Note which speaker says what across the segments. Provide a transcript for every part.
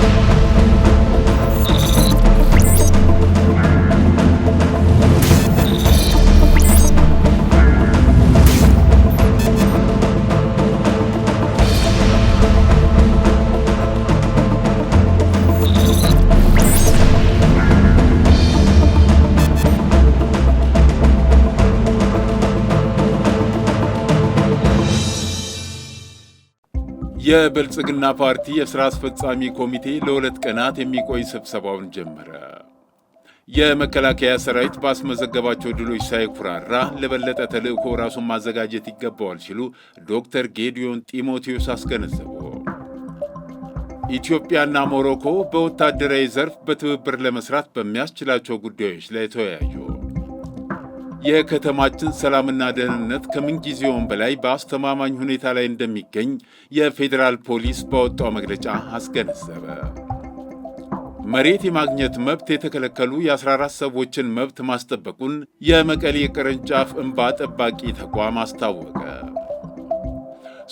Speaker 1: Thank you. የብልጽግና ፓርቲ የሥራ አስፈጻሚ ኮሚቴ ለሁለት ቀናት የሚቆይ ስብሰባውን ጀመረ። የመከላከያ ሰራዊት ባስመዘገባቸው ድሎች ሳይኩራራ ለበለጠ ተልእኮ ራሱን ማዘጋጀት ይገባዋል ሲሉ ዶክተር ጌዲዮን ጢሞቴዎስ አስገነዘቡ። ኢትዮጵያና ሞሮኮ በወታደራዊ ዘርፍ በትብብር ለመስራት በሚያስችላቸው ጉዳዮች ላይ ተወያዩ። የከተማችን ሰላምና ደህንነት ከምንጊዜውም በላይ በአስተማማኝ ሁኔታ ላይ እንደሚገኝ የፌዴራል ፖሊስ በወጣው መግለጫ አስገነዘበ። መሬት የማግኘት መብት የተከለከሉ የ14 ሰዎችን መብት ማስጠበቁን የመቀሌ ቅርንጫፍ እንባ ጠባቂ ተቋም አስታወቀ።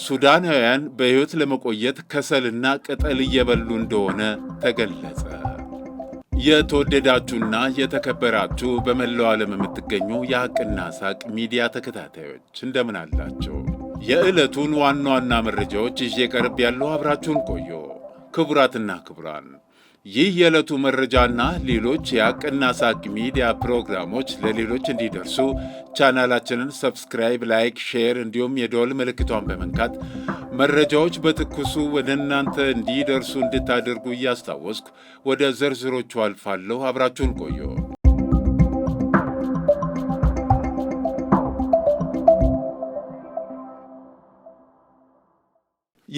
Speaker 1: ሱዳናውያን በሕይወት ለመቆየት ከሰልና ቅጠል እየበሉ እንደሆነ ተገለጸ። የተወደዳችሁና የተከበራችሁ በመላው ዓለም የምትገኙ የሐቅና ሳቅ ሚዲያ ተከታታዮች እንደምን አላችሁ? የዕለቱን ዋና ዋና መረጃዎች ይዤ ቀርብ ያለው አብራችሁን ቆዩ። ክቡራትና ክቡራን ይህ የዕለቱ መረጃና ሌሎች የሐቅና ሳቅ ሚዲያ ፕሮግራሞች ለሌሎች እንዲደርሱ ቻናላችንን ሰብስክራይብ፣ ላይክ፣ ሼር እንዲሁም የደወል ምልክቷን በመንካት መረጃዎች በትኩሱ ወደ እናንተ እንዲደርሱ እንድታደርጉ እያስታወስኩ ወደ ዝርዝሮቹ አልፋለሁ። አብራችሁን ቆዩ።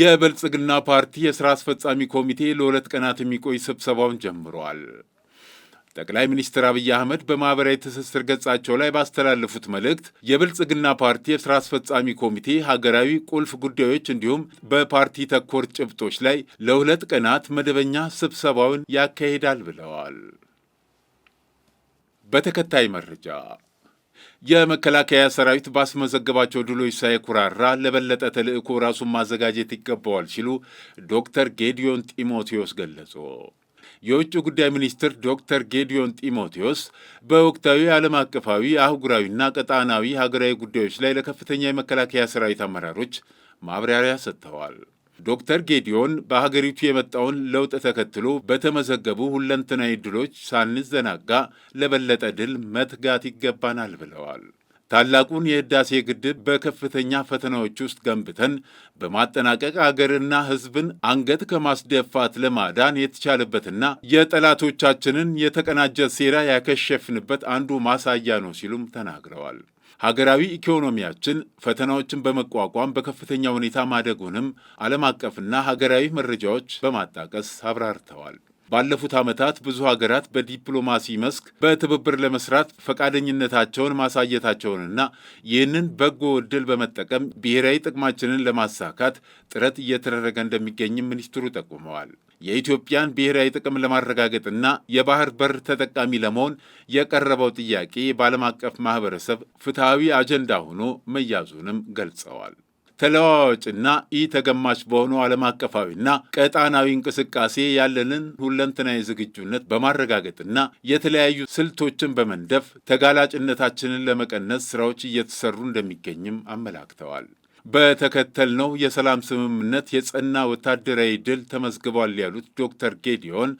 Speaker 1: የብልጽግና ፓርቲ የሥራ አስፈጻሚ ኮሚቴ ለሁለት ቀናት የሚቆይ ስብሰባውን ጀምሯል። ጠቅላይ ሚኒስትር አብይ አህመድ በማኅበራዊ ትስስር ገጻቸው ላይ ባስተላለፉት መልእክት የብልጽግና ፓርቲ የሥራ አስፈጻሚ ኮሚቴ ሀገራዊ ቁልፍ ጉዳዮች እንዲሁም በፓርቲ ተኮር ጭብጦች ላይ ለሁለት ቀናት መደበኛ ስብሰባውን ያካሂዳል ብለዋል። በተከታይ መረጃ የመከላከያ ሰራዊት ባስመዘገባቸው ድሎች ሳይኩራራ ለበለጠ ተልዕኮ ራሱን ማዘጋጀት ይገባዋል ሲሉ ዶክተር ጌዲዮን ጢሞቴዎስ ገለጹ። የውጭ ጉዳይ ሚኒስትር ዶክተር ጌዲዮን ጢሞቴዎስ በወቅታዊ ዓለም አቀፋዊ አህጉራዊና ቀጣናዊ ሀገራዊ ጉዳዮች ላይ ለከፍተኛ የመከላከያ ሰራዊት አመራሮች ማብራሪያ ሰጥተዋል። ዶክተር ጌዲዮን በሀገሪቱ የመጣውን ለውጥ ተከትሎ በተመዘገቡ ሁለንተናዊ ድሎች ሳንዘናጋ ለበለጠ ድል መትጋት ይገባናል ብለዋል። ታላቁን የህዳሴ ግድብ በከፍተኛ ፈተናዎች ውስጥ ገንብተን በማጠናቀቅ አገርና ህዝብን አንገት ከማስደፋት ለማዳን የተቻለበትና የጠላቶቻችንን የተቀናጀ ሴራ ያከሸፍንበት አንዱ ማሳያ ነው ሲሉም ተናግረዋል። ሀገራዊ ኢኮኖሚያችን ፈተናዎችን በመቋቋም በከፍተኛ ሁኔታ ማደጉንም ዓለም አቀፍና ሀገራዊ መረጃዎች በማጣቀስ አብራርተዋል። ባለፉት ዓመታት ብዙ ሀገራት በዲፕሎማሲ መስክ በትብብር ለመስራት ፈቃደኝነታቸውን ማሳየታቸውንና ይህንን በጎ እድል በመጠቀም ብሔራዊ ጥቅማችንን ለማሳካት ጥረት እየተደረገ እንደሚገኝም ሚኒስትሩ ጠቁመዋል። የኢትዮጵያን ብሔራዊ ጥቅም ለማረጋገጥና የባህር በር ተጠቃሚ ለመሆን የቀረበው ጥያቄ በዓለም አቀፍ ማህበረሰብ ፍትሐዊ አጀንዳ ሆኖ መያዙንም ገልጸዋል። ተለዋዋጭና ኢ ተገማች በሆኑ ዓለም አቀፋዊና ቀጣናዊ እንቅስቃሴ ያለንን ሁለንተናዊ ዝግጁነት በማረጋገጥና የተለያዩ ስልቶችን በመንደፍ ተጋላጭነታችንን ለመቀነስ ስራዎች እየተሰሩ እንደሚገኝም አመላክተዋል። በተከተልነው የሰላም ስምምነት የጸና ወታደራዊ ድል ተመዝግቧል ያሉት ዶክተር ጌዲዮን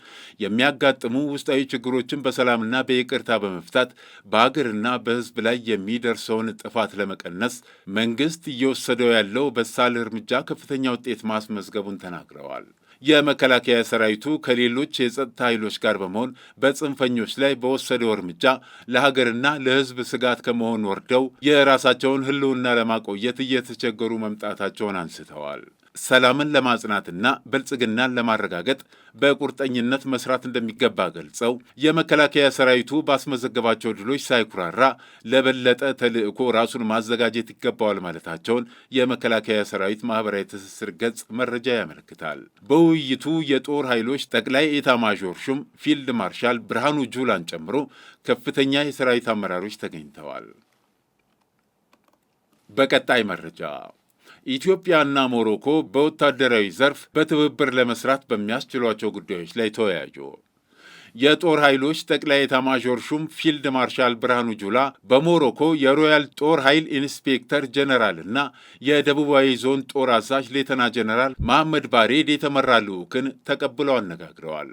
Speaker 1: የሚያጋጥሙ ውስጣዊ ችግሮችን በሰላምና በይቅርታ በመፍታት በአገርና በሕዝብ ላይ የሚደርሰውን ጥፋት ለመቀነስ መንግስት እየወሰደው ያለው በሳል እርምጃ ከፍተኛ ውጤት ማስመዝገቡን ተናግረዋል። የመከላከያ ሰራዊቱ ከሌሎች የጸጥታ ኃይሎች ጋር በመሆን በጽንፈኞች ላይ በወሰደው እርምጃ ለሀገርና ለሕዝብ ስጋት ከመሆን ወርደው የራሳቸውን ህልውና ለማቆየት እየተቸገሩ መምጣታቸውን አንስተዋል። ሰላምን ለማጽናትና ብልጽግናን ለማረጋገጥ በቁርጠኝነት መስራት እንደሚገባ ገልጸው የመከላከያ ሰራዊቱ ባስመዘገባቸው ድሎች ሳይኩራራ ለበለጠ ተልዕኮ ራሱን ማዘጋጀት ይገባዋል ማለታቸውን የመከላከያ ሰራዊት ማህበራዊ ትስስር ገጽ መረጃ ያመለክታል። በውይይቱ የጦር ኃይሎች ጠቅላይ ማዦር ሹም ፊልድ ማርሻል ብርሃኑ ጁላን ጨምሮ ከፍተኛ የሰራዊት አመራሮች ተገኝተዋል። በቀጣይ መረጃ ኢትዮጵያና ሞሮኮ በወታደራዊ ዘርፍ በትብብር ለመስራት በሚያስችሏቸው ጉዳዮች ላይ ተወያዩ። የጦር ኃይሎች ጠቅላይ ኤታማዦር ሹም ፊልድ ማርሻል ብርሃኑ ጁላ በሞሮኮ የሮያል ጦር ኃይል ኢንስፔክተር ጀነራል እና የደቡባዊ ዞን ጦር አዛዥ ሌተና ጀነራል መሐመድ ባሬድ የተመራ ልዑክን ተቀብለው አነጋግረዋል።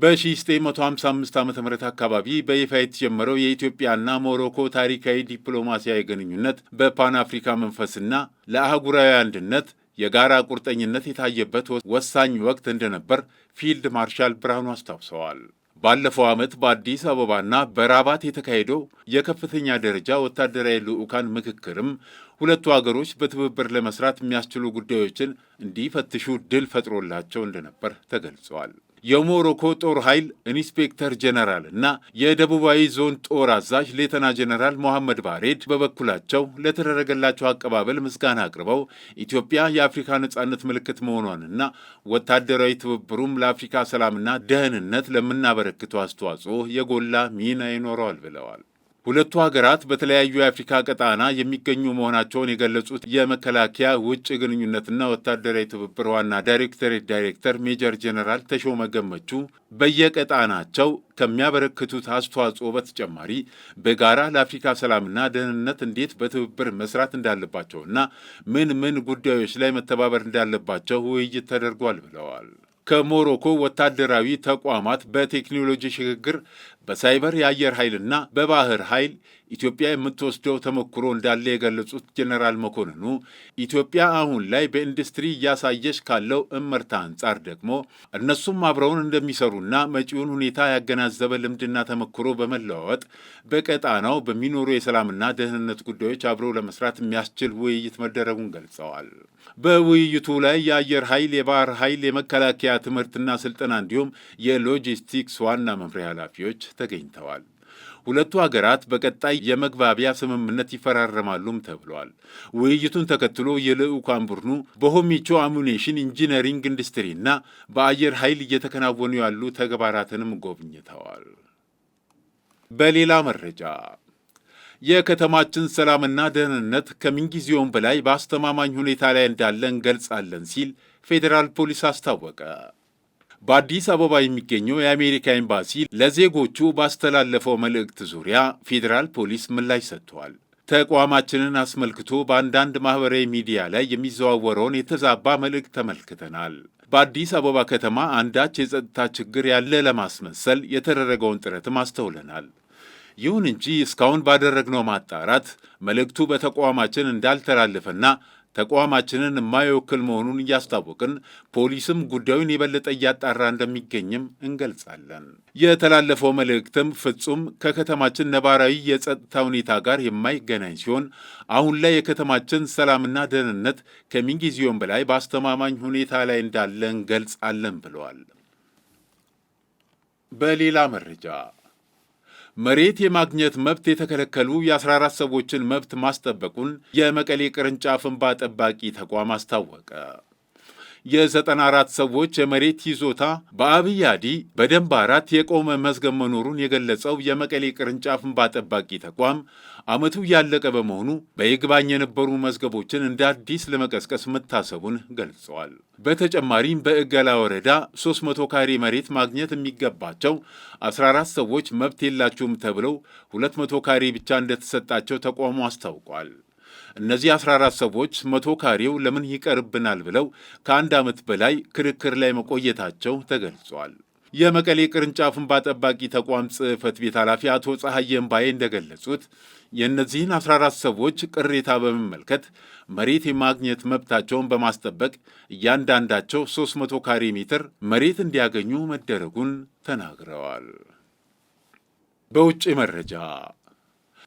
Speaker 1: በ1955 ዓ ም አካባቢ በይፋ የተጀመረው የኢትዮጵያና ሞሮኮ ታሪካዊ ዲፕሎማሲያዊ ግንኙነት በፓን አፍሪካ መንፈስና ለአህጉራዊ አንድነት የጋራ ቁርጠኝነት የታየበት ወሳኝ ወቅት እንደነበር ፊልድ ማርሻል ብርሃኑ አስታውሰዋል። ባለፈው ዓመት በአዲስ አበባና በራባት የተካሄደው የከፍተኛ ደረጃ ወታደራዊ ልዑካን ምክክርም ሁለቱ አገሮች በትብብር ለመስራት የሚያስችሉ ጉዳዮችን እንዲፈትሹ ድል ፈጥሮላቸው እንደነበር ተገልጿል። የሞሮኮ ጦር ኃይል ኢንስፔክተር ጀነራል እና የደቡባዊ ዞን ጦር አዛዥ ሌተና ጀነራል ሞሐመድ ባሬድ በበኩላቸው ለተደረገላቸው አቀባበል ምስጋና አቅርበው ኢትዮጵያ የአፍሪካ ነጻነት ምልክት መሆኗንና ወታደራዊ ትብብሩም ለአፍሪካ ሰላምና ደህንነት ለምናበረክተው አስተዋጽኦ የጎላ ሚና ይኖረዋል ብለዋል። ሁለቱ ሀገራት በተለያዩ የአፍሪካ ቀጣና የሚገኙ መሆናቸውን የገለጹት የመከላከያ ውጭ ግንኙነትና ወታደራዊ ትብብር ዋና ዳይሬክተሬት ዳይሬክተር ሜጀር ጄኔራል ተሾመ ገመቹ በየቀጣናቸው ከሚያበረክቱት አስተዋጽኦ በተጨማሪ በጋራ ለአፍሪካ ሰላምና ደህንነት እንዴት በትብብር መስራት እንዳለባቸውና ምን ምን ጉዳዮች ላይ መተባበር እንዳለባቸው ውይይት ተደርጓል ብለዋል። ከሞሮኮ ወታደራዊ ተቋማት በቴክኖሎጂ ሽግግር በሳይበር የአየር ኃይልና በባህር ኃይል ኢትዮጵያ የምትወስደው ተሞክሮ እንዳለ የገለጹት ጀነራል መኮንኑ ኢትዮጵያ አሁን ላይ በኢንዱስትሪ እያሳየች ካለው እመርታ አንጻር ደግሞ እነሱም አብረውን እንደሚሰሩና መጪውን ሁኔታ ያገናዘበ ልምድና ተሞክሮ በመለዋወጥ በቀጣናው በሚኖሩ የሰላምና ደህንነት ጉዳዮች አብረው ለመስራት የሚያስችል ውይይት መደረጉን ገልጸዋል። በውይይቱ ላይ የአየር ኃይል፣ የባህር ኃይል፣ የመከላከያ ትምህርትና ስልጠና እንዲሁም የሎጂስቲክስ ዋና መምሪያ ኃላፊዎች ተገኝተዋል። ሁለቱ ሀገራት በቀጣይ የመግባቢያ ስምምነት ይፈራረማሉም ተብሏል። ውይይቱን ተከትሎ የልዑካን ቡድኑ በሆሚቾ አሙኔሽን ኢንጂነሪንግ ኢንዱስትሪና በአየር ኃይል እየተከናወኑ ያሉ ተግባራትንም ጎብኝተዋል። በሌላ መረጃ የከተማችን ሰላምና ደህንነት ከምንጊዜውም በላይ በአስተማማኝ ሁኔታ ላይ እንዳለ እንገልጻለን ሲል ፌዴራል ፖሊስ አስታወቀ። በአዲስ አበባ የሚገኘው የአሜሪካ ኤምባሲ ለዜጎቹ ባስተላለፈው መልእክት ዙሪያ ፌዴራል ፖሊስ ምላሽ ሰጥቷል። ተቋማችንን አስመልክቶ በአንዳንድ ማኅበራዊ ሚዲያ ላይ የሚዘዋወረውን የተዛባ መልእክት ተመልክተናል። በአዲስ አበባ ከተማ አንዳች የጸጥታ ችግር ያለ ለማስመሰል የተደረገውን ጥረትም አስተውለናል። ይሁን እንጂ እስካሁን ባደረግነው ማጣራት መልእክቱ በተቋማችን እንዳልተላለፈና ተቋማችንን የማይወክል መሆኑን እያስታወቅን ፖሊስም ጉዳዩን የበለጠ እያጣራ እንደሚገኝም እንገልጻለን። የተላለፈው መልእክትም ፍጹም ከከተማችን ነባራዊ የጸጥታ ሁኔታ ጋር የማይገናኝ ሲሆን አሁን ላይ የከተማችን ሰላምና ደህንነት ከምንጊዜውም በላይ በአስተማማኝ ሁኔታ ላይ እንዳለ እንገልጻለን ብለዋል። በሌላ መረጃ መሬት የማግኘት መብት የተከለከሉ የ14 ሰዎችን መብት ማስጠበቁን የመቀሌ ቅርንጫፍ እንባ ጠባቂ ተቋም አስታወቀ። የ94 ሰዎች የመሬት ይዞታ በአብይ አዲ በደንብ አራት የቆመ መዝገብ መኖሩን የገለጸው የመቀሌ ቅርንጫፍ እንባ ጠባቂ ተቋም ዓመቱ ያለቀ በመሆኑ በይግባኝ የነበሩ መዝገቦችን እንደ አዲስ ለመቀስቀስ መታሰቡን ገልጸዋል። በተጨማሪም በእገላ ወረዳ 300 ካሬ መሬት ማግኘት የሚገባቸው 14 ሰዎች መብት የላችሁም ተብለው 200 ካሬ ብቻ እንደተሰጣቸው ተቋሙ አስታውቋል። እነዚህ 14 ሰዎች መቶ ካሬው ለምን ይቀርብናል ብለው ከአንድ ዓመት በላይ ክርክር ላይ መቆየታቸው ተገልጿል። የመቀሌ ቅርንጫፍን እንባ ተቋም ጽህፈት ቤት ኃላፊ አቶ ፀሐየ እምባዬ እንደገለጹት የእነዚህን 14 ሰዎች ቅሬታ በመመልከት መሬት የማግኘት መብታቸውን በማስጠበቅ እያንዳንዳቸው 300 ካሬ ሜትር መሬት እንዲያገኙ መደረጉን ተናግረዋል። በውጭ መረጃ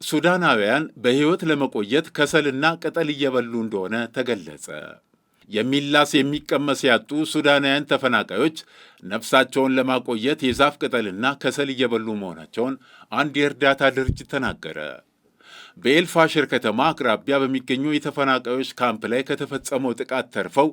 Speaker 1: ሱዳናውያን በሕይወት ለመቆየት ከሰልና ቅጠል እየበሉ እንደሆነ ተገለጸ። የሚላስ የሚቀመስ ያጡ ሱዳናውያን ተፈናቃዮች ነፍሳቸውን ለማቆየት የዛፍ ቅጠልና ከሰል እየበሉ መሆናቸውን አንድ የእርዳታ ድርጅት ተናገረ። በኤልፋሽር ከተማ አቅራቢያ በሚገኙ የተፈናቃዮች ካምፕ ላይ ከተፈጸመው ጥቃት ተርፈው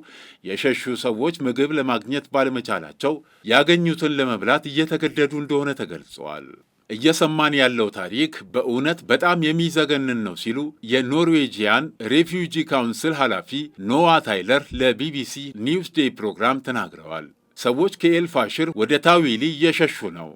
Speaker 1: የሸሹ ሰዎች ምግብ ለማግኘት ባለመቻላቸው ያገኙትን ለመብላት እየተገደዱ እንደሆነ ተገልጿል። እየሰማን ያለው ታሪክ በእውነት በጣም የሚዘገንን ነው ሲሉ የኖርዌጂያን ሬፊውጂ ካውንስል ኃላፊ ኖዋ ታይለር ለቢቢሲ ኒውስ ዴይ ፕሮግራም ተናግረዋል። ሰዎች ከኤልፋሽር ወደ ታዊሊ እየሸሹ ነው፣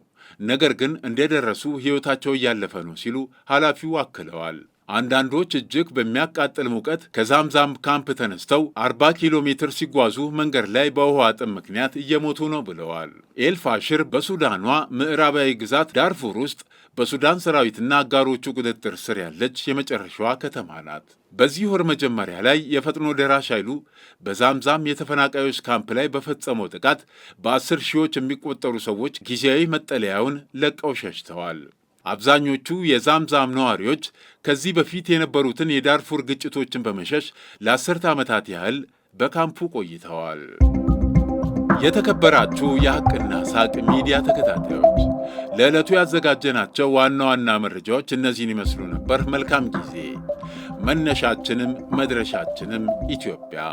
Speaker 1: ነገር ግን እንደደረሱ ሕይወታቸው እያለፈ ነው ሲሉ ኃላፊው አክለዋል። አንዳንዶች እጅግ በሚያቃጥል ሙቀት ከዛምዛም ካምፕ ተነስተው 40 ኪሎ ሜትር ሲጓዙ መንገድ ላይ በውሃ ጥም ምክንያት እየሞቱ ነው ብለዋል። ኤልፋሽር በሱዳኗ ምዕራባዊ ግዛት ዳርፉር ውስጥ በሱዳን ሰራዊትና አጋሮቹ ቁጥጥር ስር ያለች የመጨረሻዋ ከተማ ናት። በዚህ ወር መጀመሪያ ላይ የፈጥኖ ደራሽ ኃይሉ በዛምዛም የተፈናቃዮች ካምፕ ላይ በፈጸመው ጥቃት በአስር ሺዎች የሚቆጠሩ ሰዎች ጊዜያዊ መጠለያውን ለቀው ሸሽተዋል። አብዛኞቹ የዛምዛም ነዋሪዎች ከዚህ በፊት የነበሩትን የዳርፉር ግጭቶችን በመሸሽ ለአስርተ ዓመታት ያህል በካምፑ ቆይተዋል። የተከበራችሁ የሐቅና ሳቅ ሚዲያ ተከታታዮች ለዕለቱ ያዘጋጀናቸው ዋና ዋና መረጃዎች እነዚህን ይመስሉ ነበር። መልካም ጊዜ። መነሻችንም መድረሻችንም ኢትዮጵያ።